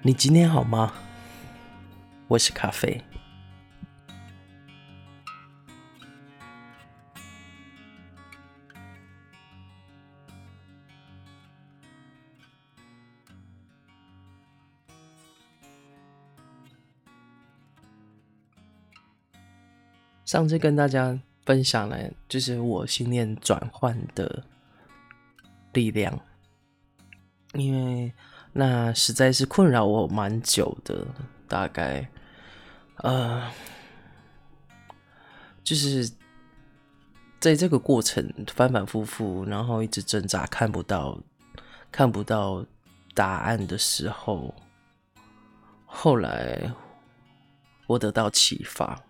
你今天好嗎？我是咖啡。上次跟大家分享了，就是我信念轉換的力量，因為，那實在是困擾我蠻久的，大概，呃，就是在這個過程反反复复，然後一直掙扎，看不到看不到答案的時候，後來我得到啟發，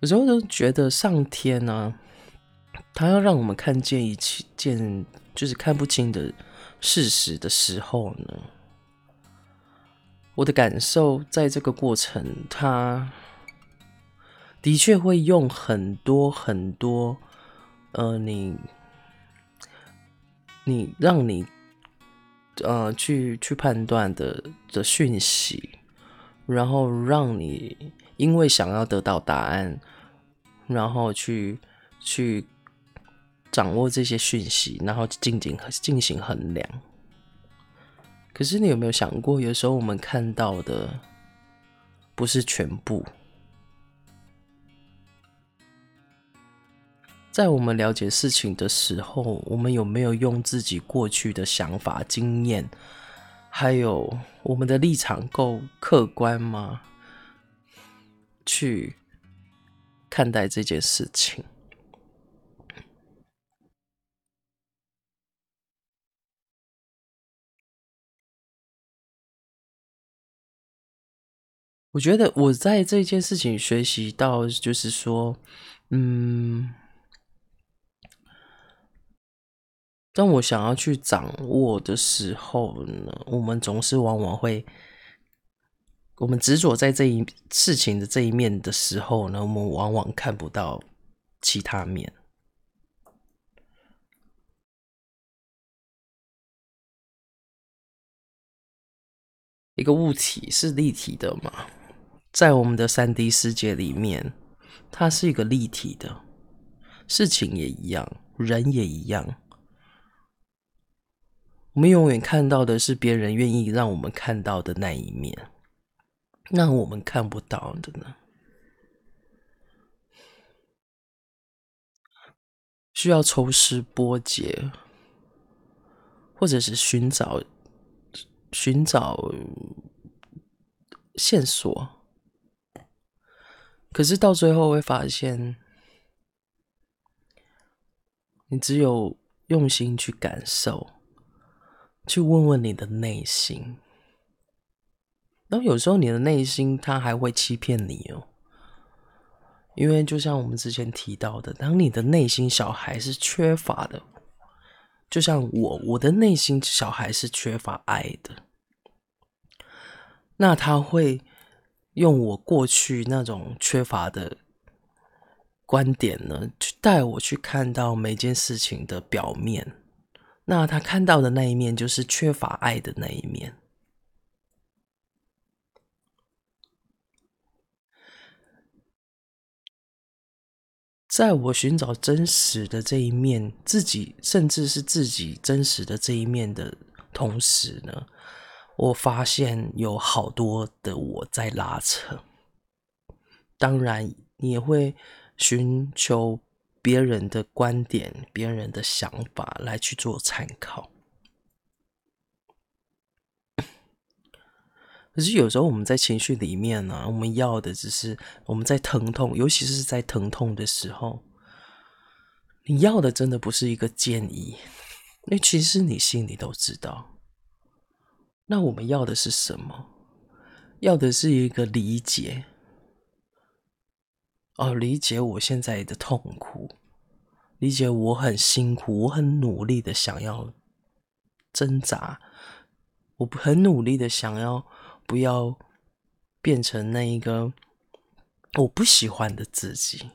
有時候都覺得上天呢、啊。他要讓我們看見一件就是看不清的事實的時候呢，我的感受在這個過程，他的確會用很多很多，呃，你你讓你呃去去判斷的的訊息，然後讓你因為想要得到答案，然後去去。掌握這些訊息，然後進行進行衡量。可是，你有沒有想過，有時候我們看到的不是全部？在我們了解事情的時候，我們有沒有用自己過去的想法、經驗，還有我們的立場夠客觀嗎？去看待這件事情。我覺得我在這件事情學習到，就是說，嗯，當我想要去掌握的時候呢，我們總是往往會，我們執着在這一事情的這一面的時候呢，我們往往看不到其他面。一個物體是立體的嘛。在我們的三 D 世界裡面，它是一個立體的，事情也一樣，人也一樣。我們永遠看到的是別人願意讓我們看到的那一面，那我們看不到的呢？需要抽絲剝繭，或者是尋找尋找線索。可是到最後會發現，你只有用心去感受，去問問你的內心。然後有時候你的內心他還會欺騙你哦，因為就像我們之前提到的，當你的內心小孩是缺乏的，就像我，我的內心小孩是缺乏愛的，那他會。用我過去那種缺乏的觀點呢，去帶我去看到每件事情的表面。那他看到的那一面就是缺乏愛的那一面。在我尋找真實的這一面，自己甚至是自己真實的這一面的同時呢，我發現有好多的我在拉扯，當然你也會尋求別人的觀點、別人的想法來去做參考。可是有時候我們在情緒裡面呢、啊，我們要的只是我們在疼痛，尤其是在疼痛的時候，你要的真的不是一個建議，那其實你心裡都知道。那我們要的是什麼？要的是一個理解。哦，理解我現在的痛苦，理解我很辛苦，我很努力的想要掙扎，我很努力的想要不要變成那一個我不喜歡的自己，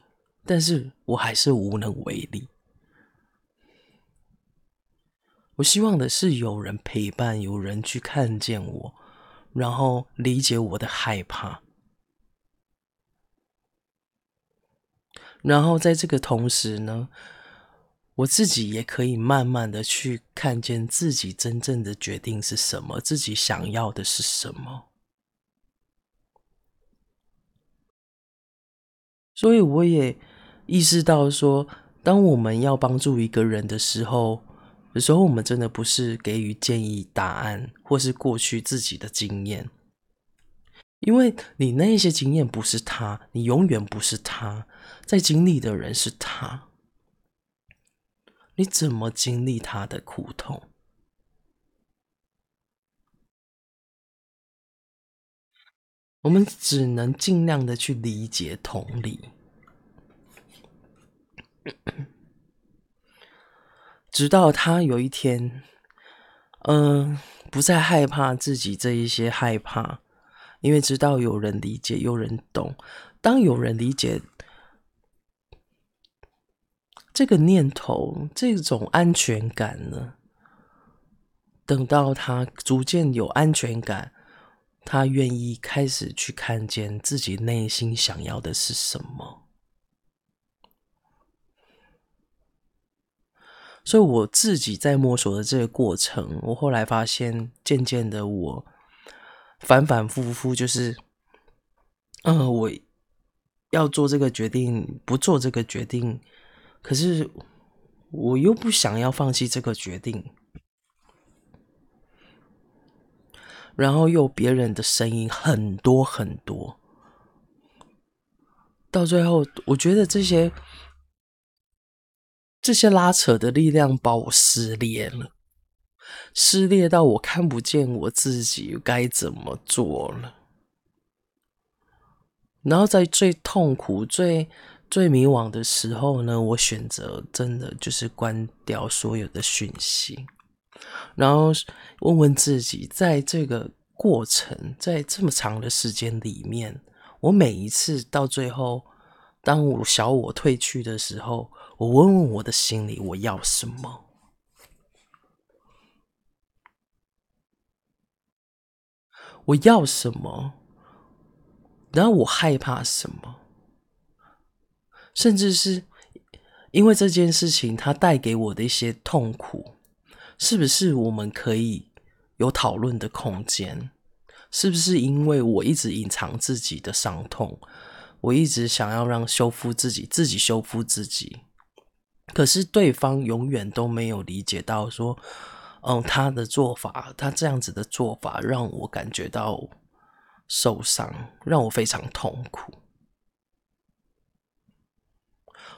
但是我還是無能為力。我希望的是有人陪伴，有人去看見我，然後理解我的害怕。然後在這個同時呢，我自己也可以慢慢的去看見自己真正的決定是什麼，自己想要的是什麼。所以我也意識到說，當我們要幫助一個人的時候，有時候我們真的不是給予建議、答案，或是過去自己的經驗，因為你那一些經驗不是他，你永遠不是他，在經歷的人是他，你怎麼經歷他的苦痛？我們只能盡量的去理解、同理。 直到他有一天，嗯、呃，不再害怕自己這一些害怕，因為直到有人理解，有人懂。當有人理解這個念頭，這種安全感呢？等到他逐漸有安全感，他願意開始去看見自己內心想要的是什麼。所以我自己在摸索的這個過程，我後來發現，漸漸的，我反反复覆就是，嗯，我要做這個決定，不做這個決定，可是我又不想要放棄這個決定，然後又別人的聲音很多很多，到最後，我覺得這些。這些拉扯的力量把我撕裂了，撕裂到我看不見我自己該怎麼做了。然後在最痛苦、最最迷惘的時候呢，我選擇真的就是關掉所有的訊息，然後問問自己，在這個過程，在這麼長的時間裡面，我每一次到最後，當我小我退去的時候。我問問我的心裡，我要什麼？我要什麼？然後我害怕什麼？甚至是因為這件事情，它帶給我的一些痛苦，是不是我們可以有討論的空間？是不是因為我一直隱藏自己的傷痛，我一直想要讓修復自己，自己修復自己？可是對方永遠都沒有理解到，說，嗯，他的做法，他這樣子的做法，讓我感覺到受傷，讓我非常痛苦。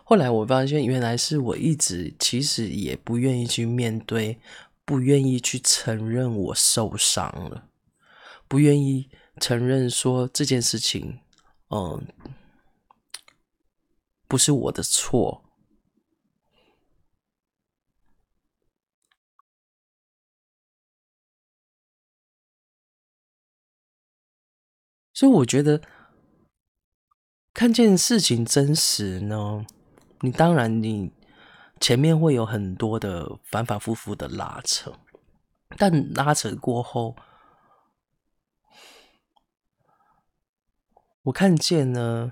後來我發現，原來是我一直其實也不願意去面對，不願意去承認我受傷了，不願意承認說這件事情，嗯，不是我的錯。所以我覺得看見事情真實呢，你當然你前面會有很多的反反复复的拉扯，但拉扯過後，我看見呢，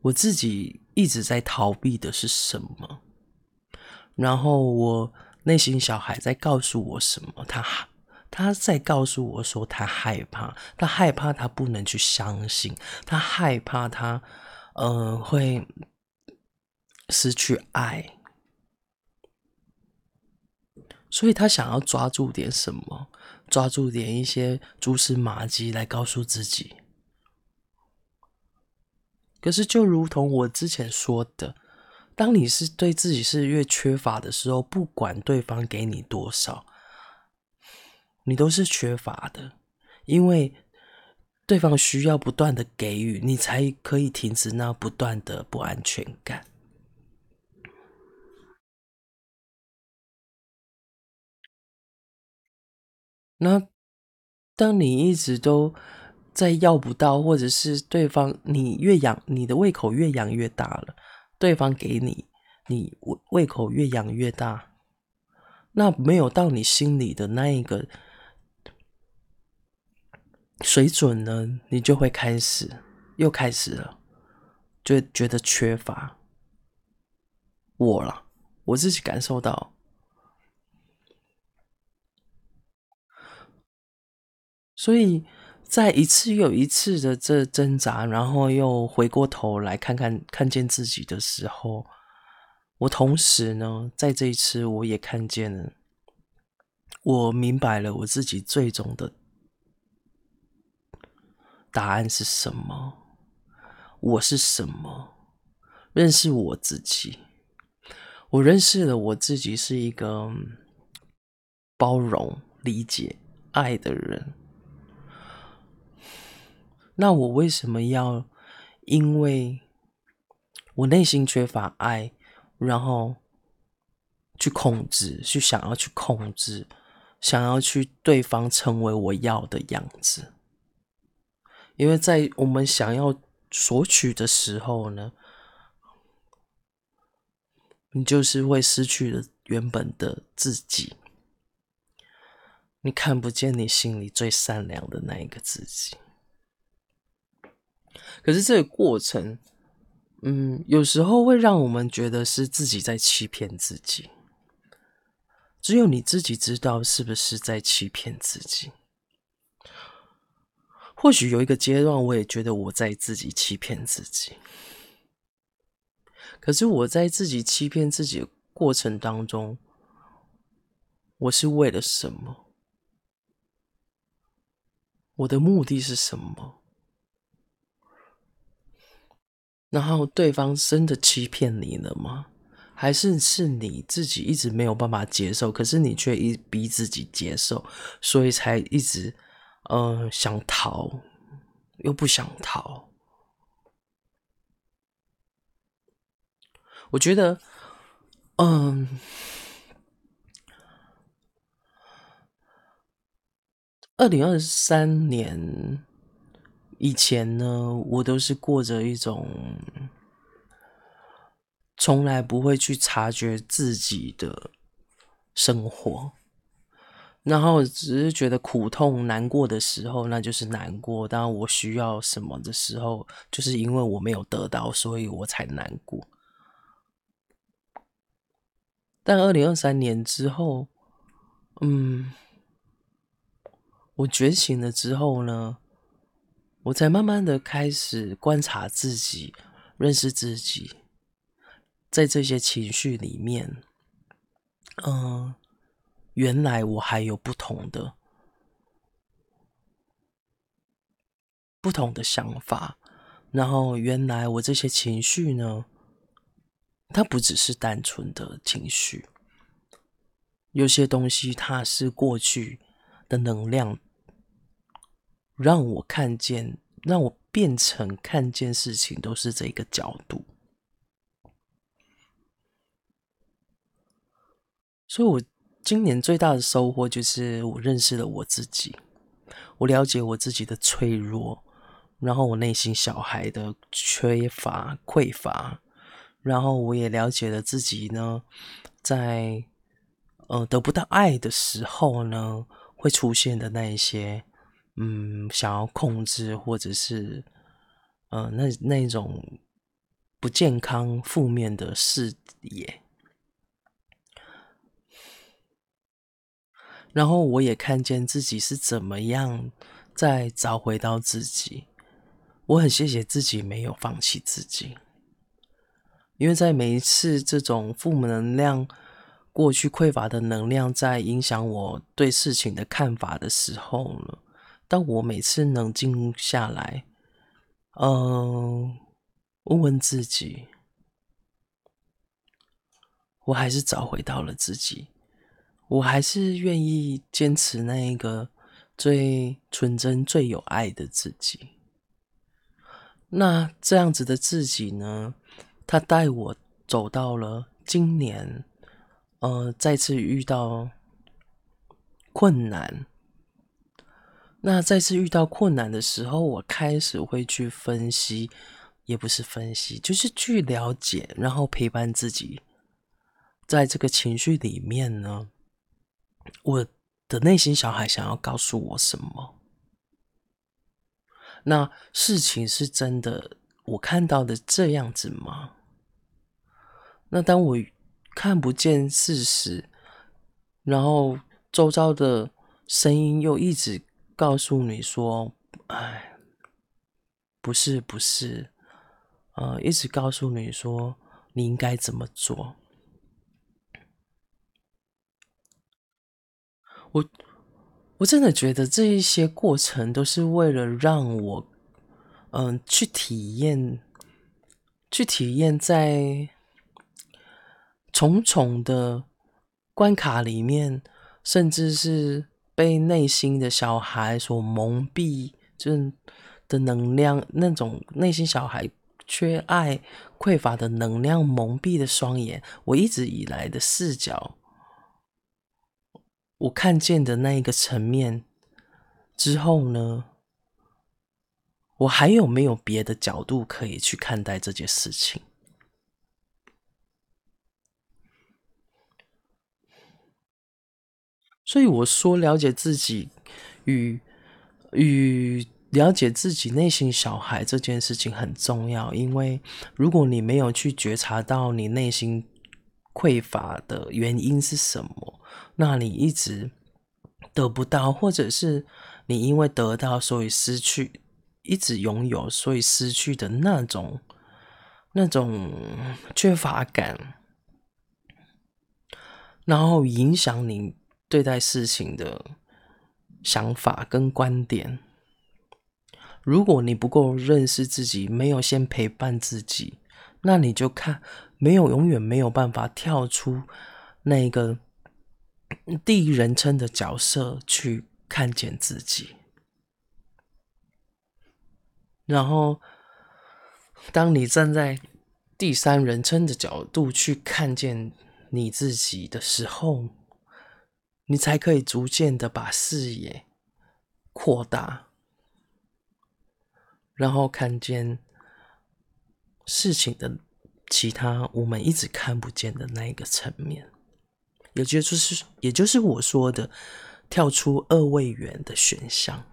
我自己一直在逃避的是什麼？然後我內心小孩在告訴我什麼？他他在告訴我說，他害怕，他害怕，他不能去相信，他害怕他，他呃會失去愛，所以他想要抓住點什麼，抓住點一些蛛絲馬跡來告訴自己。可是，就如同我之前說的，當你是對自己是越缺乏的時候，不管對方給你多少。你都是缺乏的，因為對方需要不斷的給予，你才可以停止那不斷的不安全感。那當你一直都在要不到，或者是對方你越養，你的胃口越養越大了，對方給你，你胃口越養越大，那沒有到你心裡的那一個，水準呢，你就會開始又開始了，就覺得缺乏。我啦，我自己感受到。所以在一次又一次的這掙扎，然後又回過頭來看看看見自己的時候，我同時呢，在這一次我也看見了，我明白了我自己最終的。答案是什麼？我是什麼？認識我自己。我認識了我自己是一個包容、理解、愛的人。那我為什麼要？因為我內心缺乏愛，然後去控制，去想要去控制，想要去對方成為我要的樣子。因為在我們想要索取的時候呢，你就是會失去了原本的自己，你看不見你心裡最善良的那一個自己。可是這個過程，嗯，有時候會讓我們覺得是自己在欺騙自己，只有你自己知道是不是在欺騙自己。或許有一個階段，我也覺得我在自己欺騙自己。可是我在自己欺騙自己的過程當中，我是為了什麼？我的目的是什麼？然後對方真的欺騙你了嗎？還是是你自己一直沒有辦法接受，可是你卻一直逼自己接受，所以才一直。嗯、呃，想逃又不想逃。我覺得，嗯、呃，二零二三年以前呢，我都是過着一種，從來不會去察覺自己的生活。然後只是覺得苦痛難過的時候，那就是難過。當我需要什麼的時候，就是因為我沒有得到，所以我才難過。但二零二三年之後，嗯，我覺醒了之後呢，我才慢慢的開始觀察自己，認識自己，在這些情緒裡面，嗯。原來我還有不同的不同的想法，然後原來我這些情緒呢，它不只是單純的情緒，有些東西它是過去的能量，讓我看見，讓我變成看見事情都是這個角度，所以我。今年最大的收穫就是我認識了我自己，我了解我自己的脆弱，然後我內心小孩的缺乏、匱乏，然後我也了解了自己呢，在呃得不到愛的時候呢，會出現的那一些，嗯，想要控制或者是，嗯、呃，那那種不健康、負面的視野。然後我也看見自己是怎麼樣在找回到自己，我很謝謝自己沒有放棄自己，因為在每一次這種負能量、過去匱乏的能量在影響我對事情的看法的時候呢，當我每次冷靜下來，嗯，問問自己，我還是找回到了自己。我還是願意堅持那一個最純真、最有愛的自己。那這樣子的自己呢，他帶我走到了今年，呃，再次遇到困難。那再次遇到困難的時候，我開始會去分析，也不是分析，就是去了解，然後陪伴自己，在這個情緒裡面呢。我的內心小孩想要告訴我什麼？那事情是真的，我看到的這樣子嗎？那當我看不見事實，然後周遭的聲音又一直告訴你說：“哎，不是，不是，呃，一直告訴你說你應該怎麼做。”我我真的覺得這一些過程都是為了讓我，嗯，去體驗，去體驗在重重的關卡裡面，甚至是被內心的小孩所蒙蔽，就是的能量，那種內心小孩缺愛、匱乏的能量蒙蔽的雙眼，我一直以來的視角。我看見的那一個層面之後呢，我還有沒有別的角度可以去看待這件事情？所以我說，了解自己與與了解自己內心小孩這件事情很重要，因為如果你沒有去覺察到你內心。匱乏的原因是什麼？那你一直得不到，或者是你因為得到所以失去，一直擁有所以失去的那種那種缺乏感，然後影響你對待事情的想法跟觀點。如果你不夠認識自己，沒有先陪伴自己，那你就看。沒有，永遠沒有辦法跳出那個第一人稱的角色去看見自己，然後當你站在第三人稱的角度去看見你自己的時候，你才可以逐漸的把視野擴大，然後看見事情的。其他我們一直看不見的那一個層面，也就是，就是，也就是我說的，跳出二位元的選項。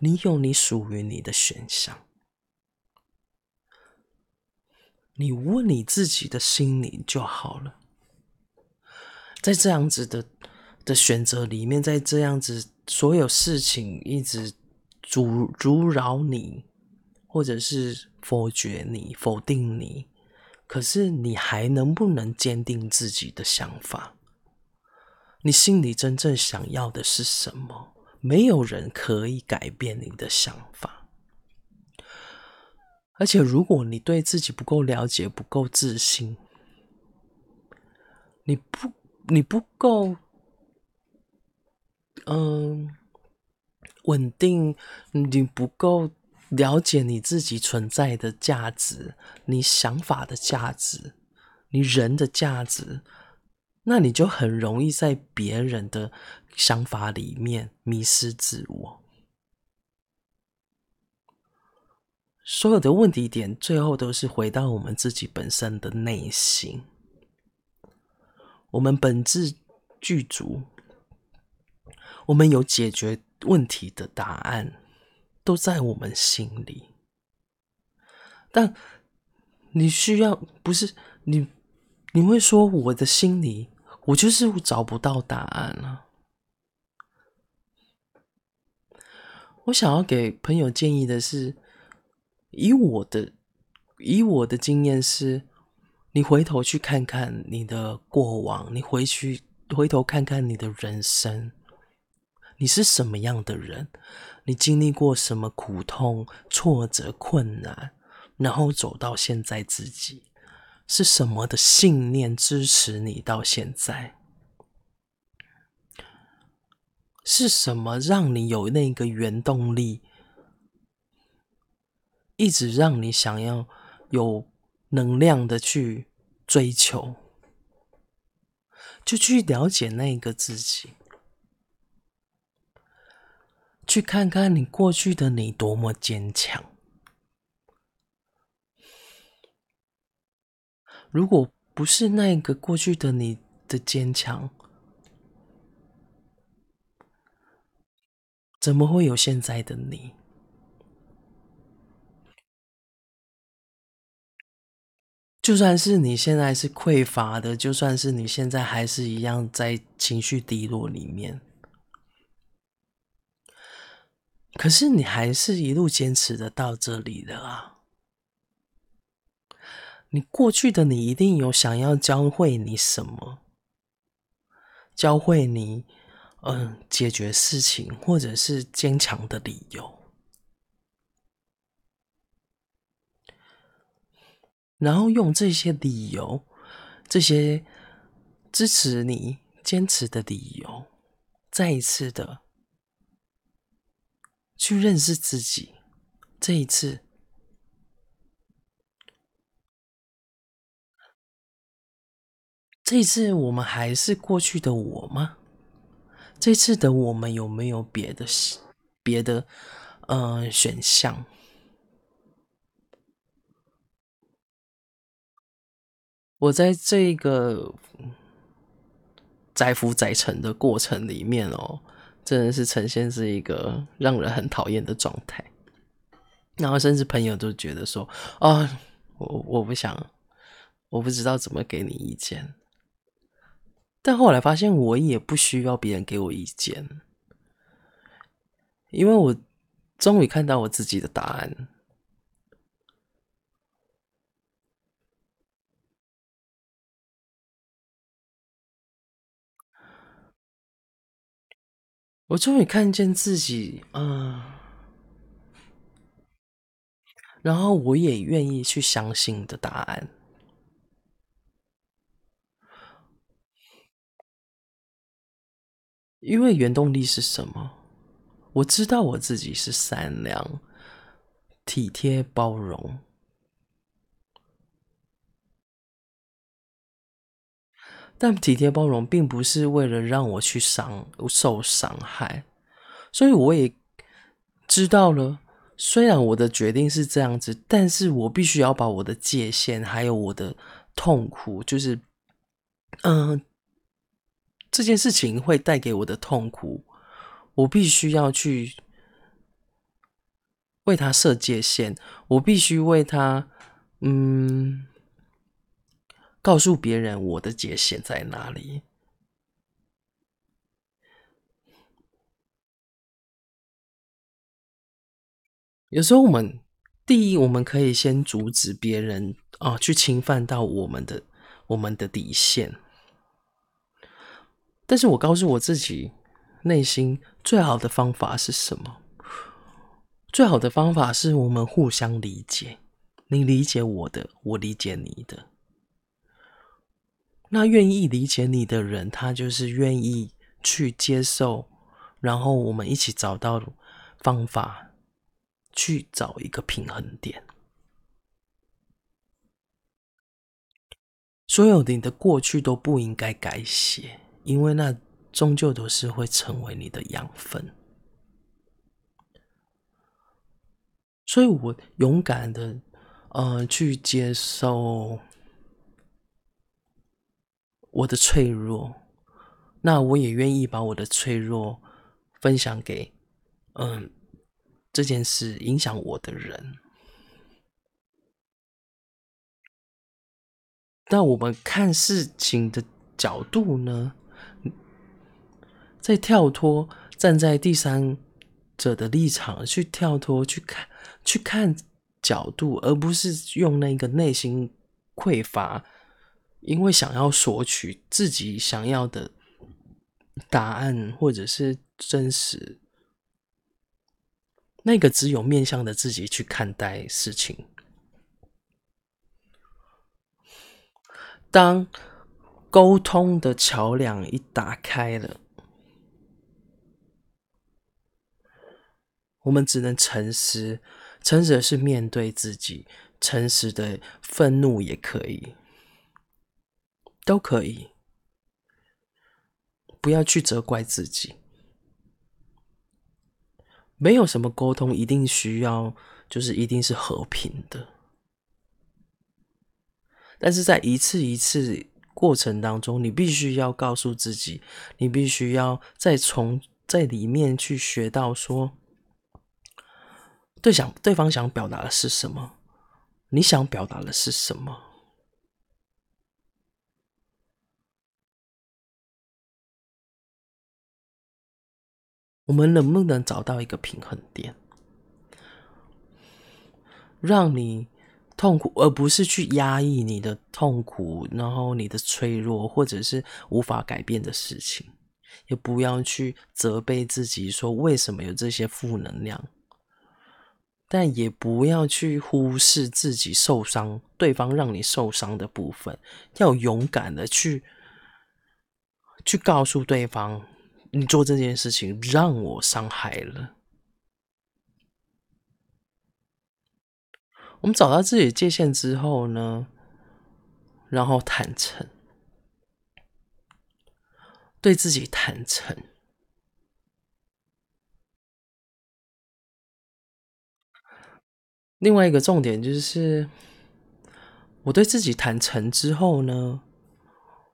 你有你屬於你的選項，你問你自己的心靈就好了。在這樣子的的選擇裡面，在這樣子所有事情一直阻阻擾你，或者是否決你、否定你，可是你還能不能堅定自己的想法？你心裡真正想要的是什麼？沒有人可以改變你的想法。而且，如果你對自己不夠了解、不夠自信，你不，你不夠，嗯，穩定，你不夠，了解你自己存在的價值，你想法的價值，你人的價值，那你就很容易在別人的想法裡面迷失自我。所有的問題點，最後都是回到我們自己本身的內心。我們本自具足，我們有解決問題的答案。都在我們心裡，但你需要不是你，你會說我的心裡，我就是找不到答案了啊。我想要給朋友建議的是，以我的以我的經驗是，你回頭去看看你的過往，你回去回頭看看你的人生。你是什麼樣的人？你經歷過什麼苦痛、挫折、困難，然後走到現在自己，是什麼的信念支持你到現在？是什麼讓你有那個原動力，一直讓你想要有能量的去追求，就去了解那個自己。去看看你過去的你多麼堅強。如果不是那個過去的你的堅強，怎麼會有現在的你？就算是你現在是匱乏的，就算是你現在還是一樣在情緒低落裡面。可是你還是一路堅持的到這裡的啊！你過去的你一定有想要教會你什麼，教會你，嗯，解決事情或者是堅強的理由，然後用這些理由，這些支持你堅持的理由，再一次的。去認識自己。這一次，這一次我們還是過去的我嗎？這一次的我們有沒有別的、別的嗯、呃、選項？我在這個載浮載沉的過程裡面哦。真的是呈現是一個讓人很討厭的狀態，然後甚至朋友都覺得說：“啊，我我不想，我不知道怎麼給你意見。”但後來發現我也不需要別人給我意見，因為我終於看到我自己的答案。我終於看見自己啊，嗯，然後我也願意去相信的答案，因為原動力是什麼？我知道我自己是善良、體貼、包容。但體貼包容並不是為了讓我去傷我受傷害，所以我也知道了。雖然我的決定是這樣子，但是我必須要把我的界限，還有我的痛苦，就是嗯、呃，這件事情會帶給我的痛苦，我必須要去為他設界限，我必須為他嗯。告訴別人我的界限在哪裡。有時候我們第一，我們可以先阻止別人啊，去侵犯到我們的我們的底線。但是我告訴我自己，內心最好的方法是什麼？最好的方法是我們互相理解，你理解我的，我理解你的。那願意理解你的人，他就是願意去接受，然後我們一起找到方法，去找一個平衡點。所有的你的過去都不應該改寫，因為那終究都是會成為你的養分。所以，我勇敢的，呃，去接受。我的脆弱，那我也願意把我的脆弱分享給，嗯、呃，這件事影響我的人。那我們看事情的角度呢，在跳脫，站在第三者的立場去跳脫去看，去看角度，而不是用那個內心匱乏。因為想要索取自己想要的答案，或者是真實，那個只有面向的自己去看待事情。當溝通的橋樑一打開了，我們只能誠實，誠實的是面對自己，誠實的憤怒也可以。都可以，不要去責怪自己。沒有什麼溝通一定需要，就是一定是和平的。但是在一次一次過程當中，你必須要告訴自己，你必須要再從在裡面去學到說，對想對方想表達的是什麼，你想表達的是什麼。我們能不能找到一個平衡點，讓你痛苦，而不是去壓抑你的痛苦，然後你的脆弱，或者是無法改變的事情，也不要去責備自己，說為什麼有這些負能量，但也不要去忽視自己受傷，對方讓你受傷的部分，要勇敢的去，去告訴對方。你做這件事情讓我傷害了。我們找到自己界限之後呢，然後坦誠，對自己坦誠。另外一個重點就是，我對自己坦誠之後呢，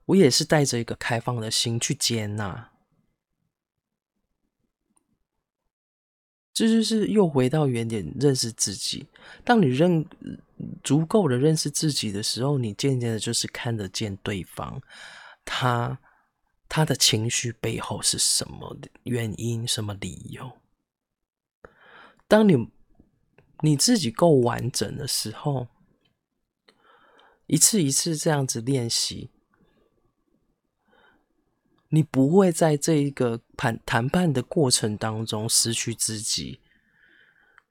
我也是帶着一個開放的心去接納。這就是又回到原點，認識自己。當你認，足夠的認識自己的時候，你漸漸的就是看得見對方，他，他的情緒背後是什麼原因、什麼理由。當你，你自己夠完整的時候，一次一次這樣子練習。你不會在這個談談判的過程當中失去自己，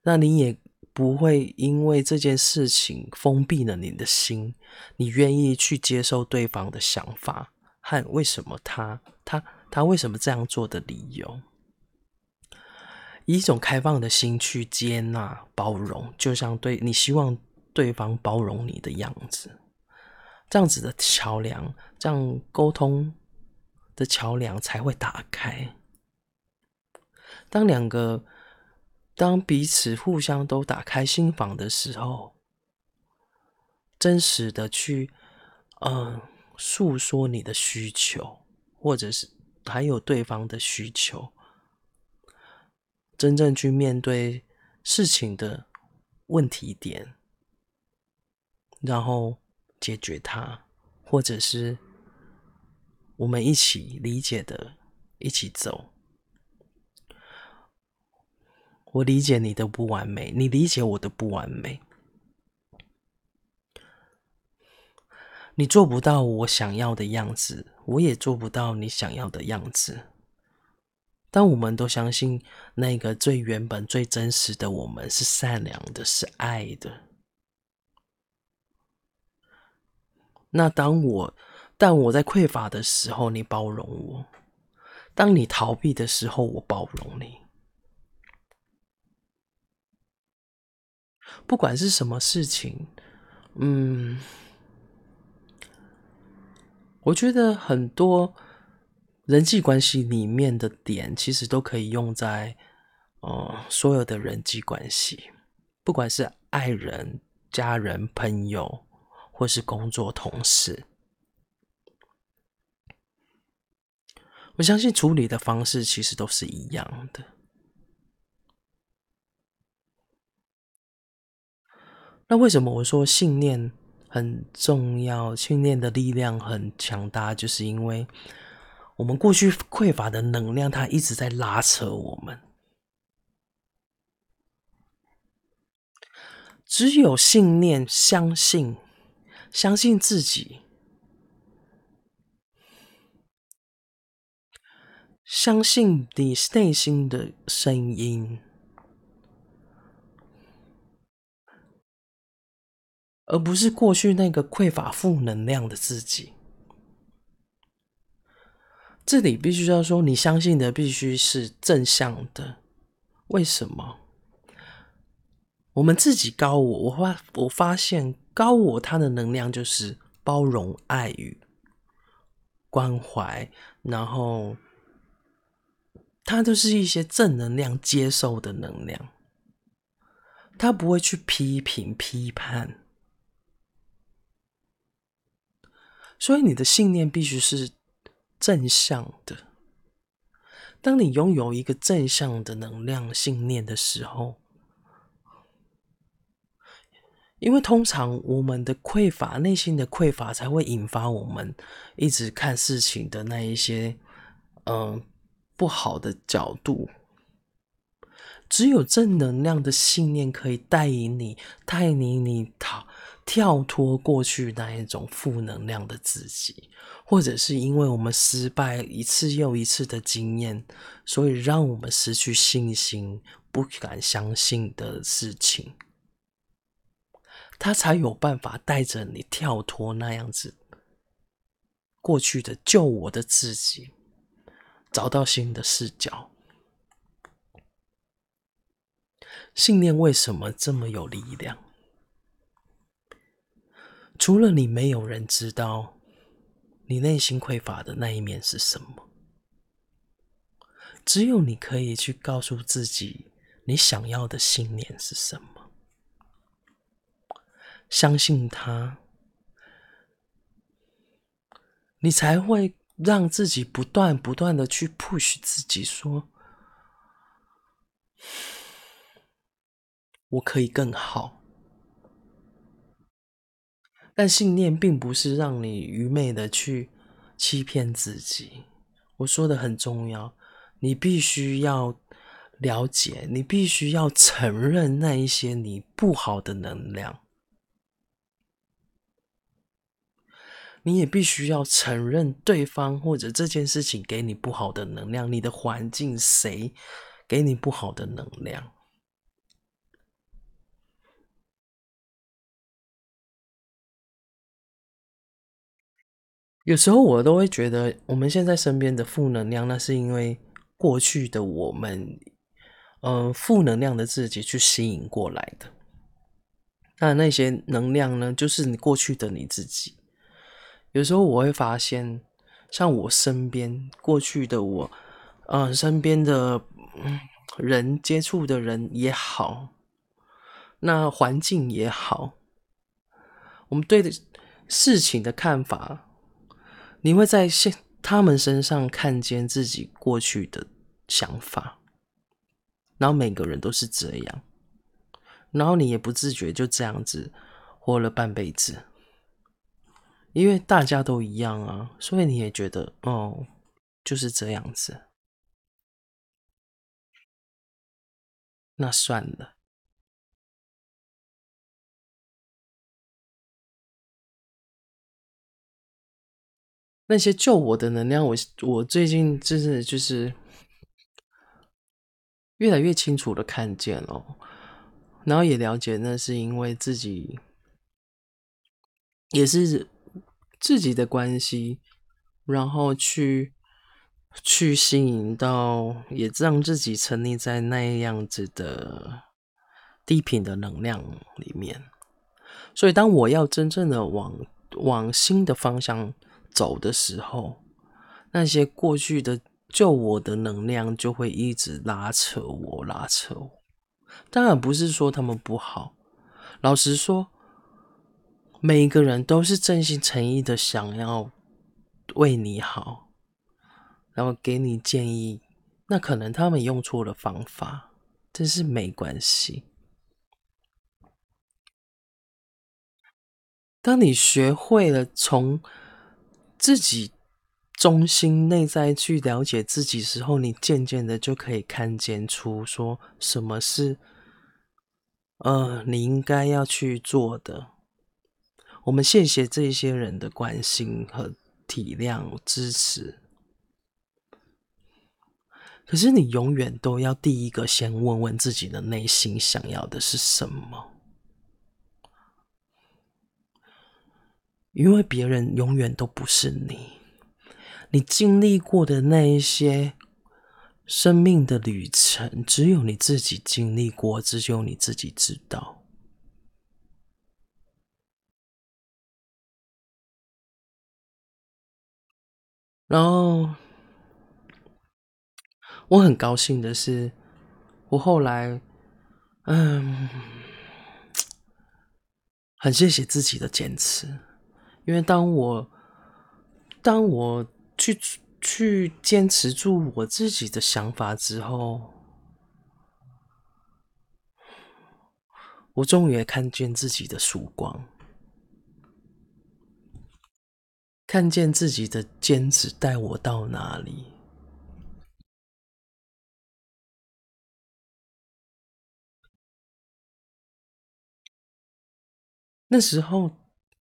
那你也不會因為這件事情封閉了你的心。你願意去接受對方的想法和，為什麼他他他為什麼這樣做的理由，以一種開放的心去接納包容，就像對，你希望對方包容你的樣子，這樣子的橋樑，這樣溝通的橋梁才會打開。當兩個，當彼此互相都打開心房的時候，真實的去嗯、呃、訴說你的需求，或者是還有對方的需求，真正去面對事情的問題點，然後解決它，或者是。我們一起理解的，一起走。我理解你的不完美，你理解我的不完美。你做不到我想要的樣子，我也做不到你想要的樣子。但我們都相信，那個最原本最真實的我們是善良的，是愛的。那當我。但我在匱乏的時候，你包容我；當你逃避的時候，我包容你。不管是什麼事情，嗯，我覺得很多人際關係裡面的點，其實都可以用在，嗯、呃，所有的人際關係，不管是愛人、家人、朋友，或是工作同事。我相信處理的方式其實都是一樣的。那為什麼我說信念很重要，信念的力量很強大，就是因為我們過去匱乏的能量，它一直在拉扯我們。只有信念相信，相信自己。相信你內心的聲音，而不是過去那個匱乏負能量的自己。這裡必須要說，你相信的必須是正向的。為什麼？我們自己高我，我發我發現高我，它的能量就是包容、愛與關懷，然後。它都是一些正能量接受的能量，它不會去批評批判，所以你的信念必須是正向的。當你擁有一個正向的能量信念的時候，因為通常我們的匱乏、內心的匱乏才會引發我們一直看事情的那一些，嗯、呃。不好的角度，只有正能量的信念可以帶引你，帶領你，你跳跳脫過去那一種負能量的自己，或者是因為我們失敗一次又一次的經驗，所以讓我們失去信心，不敢相信的事情，他才有辦法帶着你跳脫那樣子過去的救我的自己。找到新的視角，信念為什麼這麼有力量？除了你，沒有人知道你內心匱乏的那一面是什麼。只有你可以去告訴自己，你想要的信念是什麼，相信他，你才會。讓自己不斷不斷的去 push 自己說，我可以更好。但信念並不是讓你愚昧的去欺騙自己。我說的很重要，你必須要了解，你必須要承認那一些你不好的能量。你也必須要承認對方或者這件事情給你不好的能量，你的環境誰給你不好的能量？有時候我都會覺得，我們現在身邊的負能量，那是因為過去的我們，嗯、呃，負能量的自己去吸引過來的。那那些能量呢，就是你過去的你自己。有時候我會發現，像我身邊過去的我，嗯、呃，身邊的人接觸的人也好，那環境也好，我們對的事情的看法，你會在現他們身上看見自己過去的想法。然後每個人都是這樣，然後你也不自覺就這樣子活了半輩子。因為大家都一樣啊，所以你也覺得哦，就是這樣子，那算了。那些救我的能量，我我最近就是就是越來越清楚的看見了，然後也了解那是因為自己也是。自己的關係，然後去去吸引到，也讓自己沉溺在那樣子的低頻的能量裡面。所以，當我要真正的往往新的方向走的時候，那些過去的救我的能量就會一直拉扯我，拉扯我。當然不是說他們不好，老實說。每一個人都是真心誠意的想要為你好，然後給你建議，那可能他們用錯了方法，但是沒關係。當你學會了從自己中心內在去了解自己的時候，你漸漸的就可以看見出說什麼是呃你應該要去做的。我們謝謝這些人的關心和體諒、支持。可是你永遠都要第一個先問問自己的內心想要的是什麼，因為別人永遠都不是你。你經歷過的那一些生命的旅程，只有你自己經歷過，只有你自己知道。然後，我很高興的是，我後來，嗯，很謝謝自己的堅持，因為當我，當我去去堅持住我自己的想法之後，我終於也看見自己的曙光。看見自己的堅持帶我到哪裡？那時候，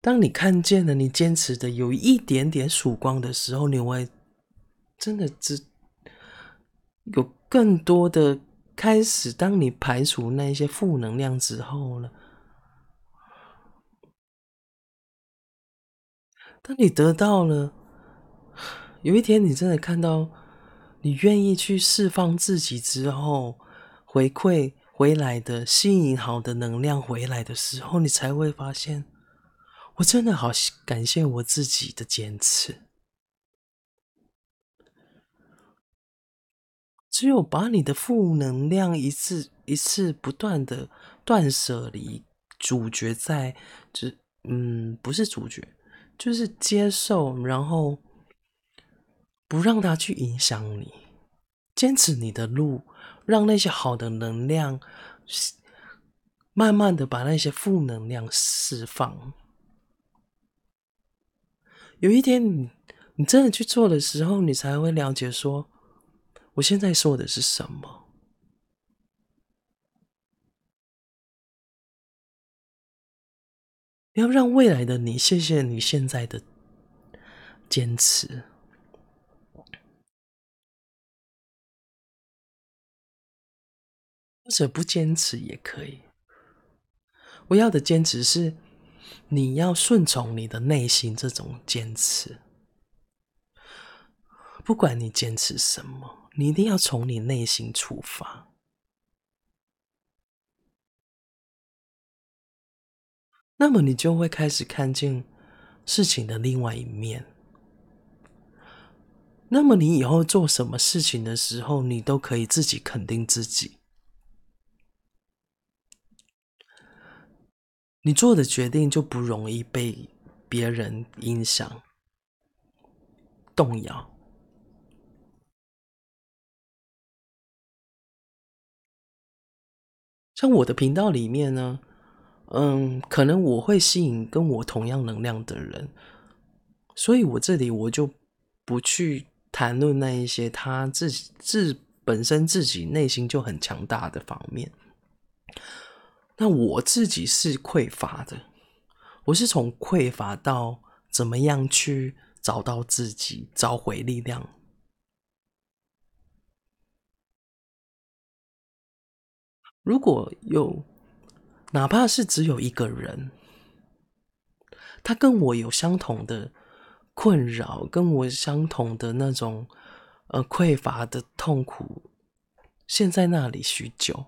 當你看見了你堅持的有一點點曙光的時候，你會真的只有更多的開始。當你排除那些負能量之後了。那你得到了，有一天你真的看到，你願意去釋放自己之後，回饋回來的，吸引好的能量回來的時候，你才會發現，我真的好感謝我自己的堅持。只有把你的負能量一次一次不斷的斷捨離，主角在，只嗯，不是主角。就是接受，然後不讓它去影響你，堅持你的路，讓那些好的能量慢慢的把那些負能量釋放。有一天你，你你真的去做的時候，你才會了解說，我現在說的是什麼。你要讓未來的你謝謝你現在的堅持，或者不堅持也可以。我要的堅持是，你要順從你的內心這種堅持。不管你堅持什麼，你一定要從你內心出發。那麼你就會開始看見事情的另外一面。那麼你以後做什麼事情的時候，你都可以自己肯定自己，你做的決定就不容易被別人影響、動搖。像我的頻道裡面呢，嗯，可能我會吸引跟我同樣能量的人，所以我這裡我就不去談論那一些他自己自本身自己內心就很強大的方面。那我自己是匱乏的，我是從匱乏到怎麼樣去找到自己，找回力量。如果有。哪怕是只有一個人，他跟我有相同的困擾，跟我相同的那種呃匱乏的痛苦，陷在那裡許久，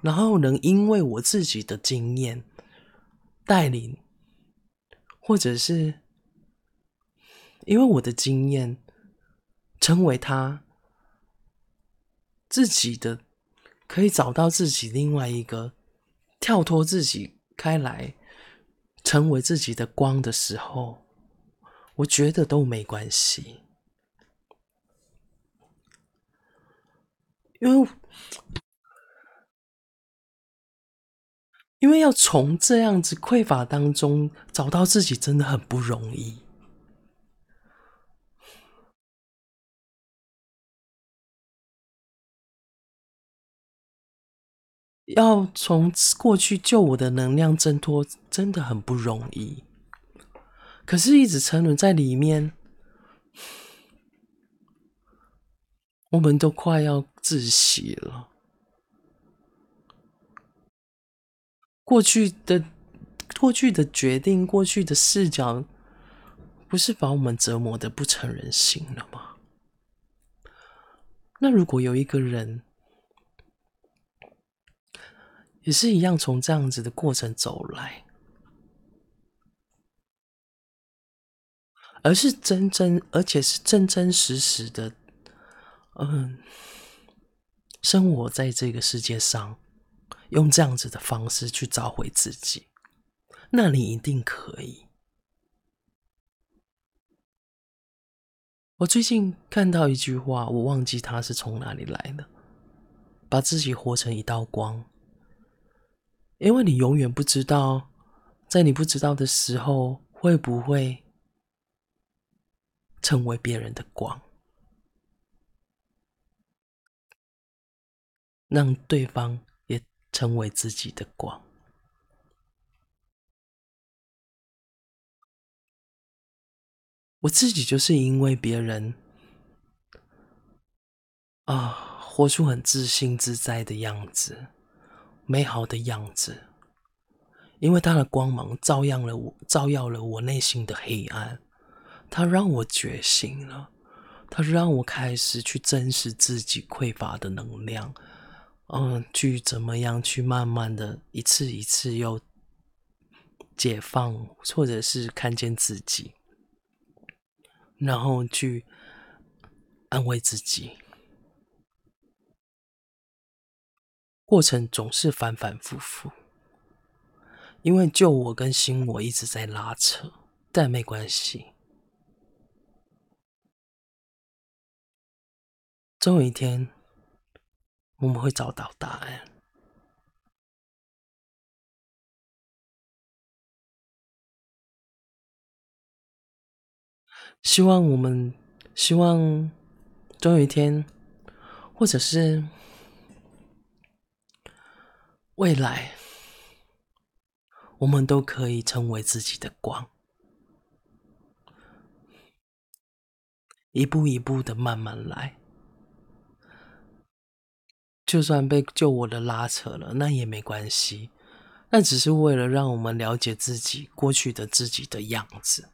然後能因為我自己的經驗帶領，或者是因為我的經驗，成為他自己的，可以找到自己另外一個。跳脫自己開來，成為自己的光的時候，我覺得都沒關係。因為，因為要從這樣子匱乏當中找到自己，真的很不容易。要從過去救我的能量掙脫，真的很不容易。可是，一直沉淪在裡面，我們都快要窒息了。過去的、過去的決定、過去的視角，不是把我們折磨得不成人形了嗎？那如果有一個人，也是一樣，從這樣子的過程走來，而是真真，而且是真真實實的，嗯，生活在這個世界上，用這樣子的方式去找回自己，那你一定可以。我最近看到一句話，我忘記它是從哪裡來的，把自己活成一道光。因為你永遠不知道，在你不知道的時候，會不會成為別人的光，讓對方也成為自己的光。我自己就是因為別人啊，活出很自信自在的樣子。美好的樣子，因為它的光芒照耀了我，照耀了我內心的黑暗。它讓我覺醒了，它讓我開始去正視自己匱乏的能量，嗯，去怎麼樣去慢慢的一次一次又解放，或者是看見自己，然後去安慰自己。過程總是反反复复，因為舊我跟新我一直在拉扯，但沒關係。總有一天，我們會找到答案。希望我們，希望總有一天，或者是。未來，我們都可以成為自己的光。一步一步的慢慢來，就算被舊我的拉扯了，那也沒關係。那只是為了讓我們了解自己過去的自己的樣子。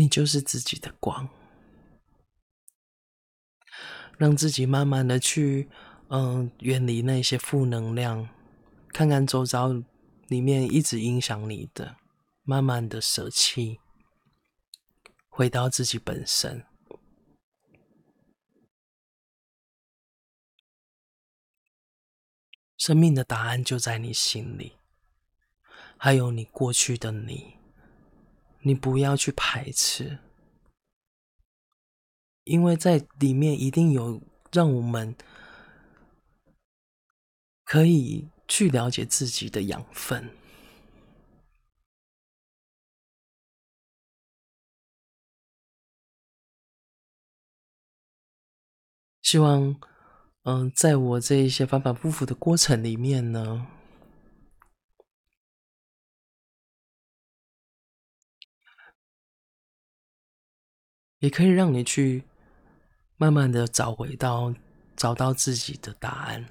你就是自己的光，讓自己慢慢的去，嗯、呃，遠離那些負能量，看看周遭裡面一直影響你的，慢慢的捨棄，回到自己本身。生命的答案就在你心裡，還有你過去的你。你不要去排斥，因為在裡面一定有讓我們可以去了解自己的養分。希望，嗯、呃，在我這一些反反复复的過程裡面呢。也可以讓你去慢慢的找回到，找到自己的答案，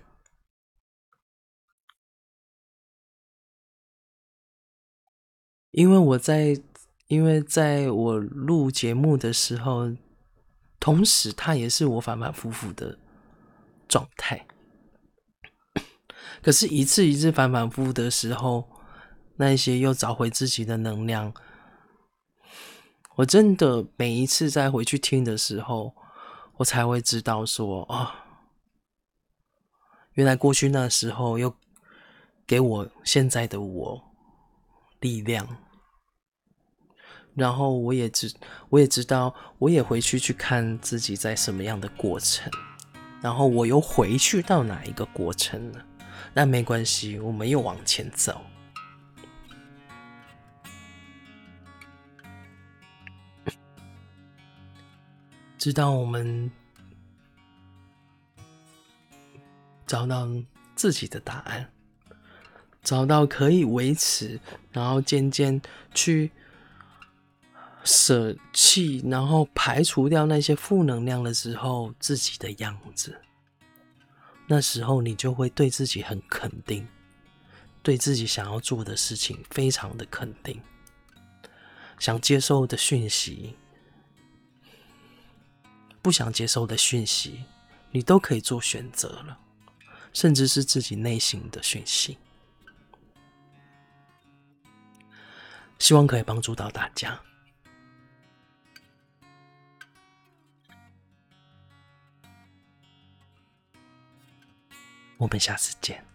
因為我在，因為在我錄節目的時候，同時它也是我反反复复的狀態，可是，一次一次反反复复的時候，那些又找回自己的能量。我真的每一次再回去聽的時候，我才會知道說啊、哦，原來過去那時候又給我現在的我力量。然後我也知，我也知道，我也回去去看自己在什麼樣的過程，然後我又回去到哪一個過程了。但沒關係，我們又往前走。直到我們找到自己的答案，找到可以維持，然後漸漸去捨棄，然後排除掉那些負能量的時候，自己的樣子。那時候你就會對自己很肯定，對自己想要做的事情非常的肯定，想接受的訊息，不想接受的訊息，你都可以做選擇了，甚至是自己內心的訊息。希望可以幫助到大家。我們下次見。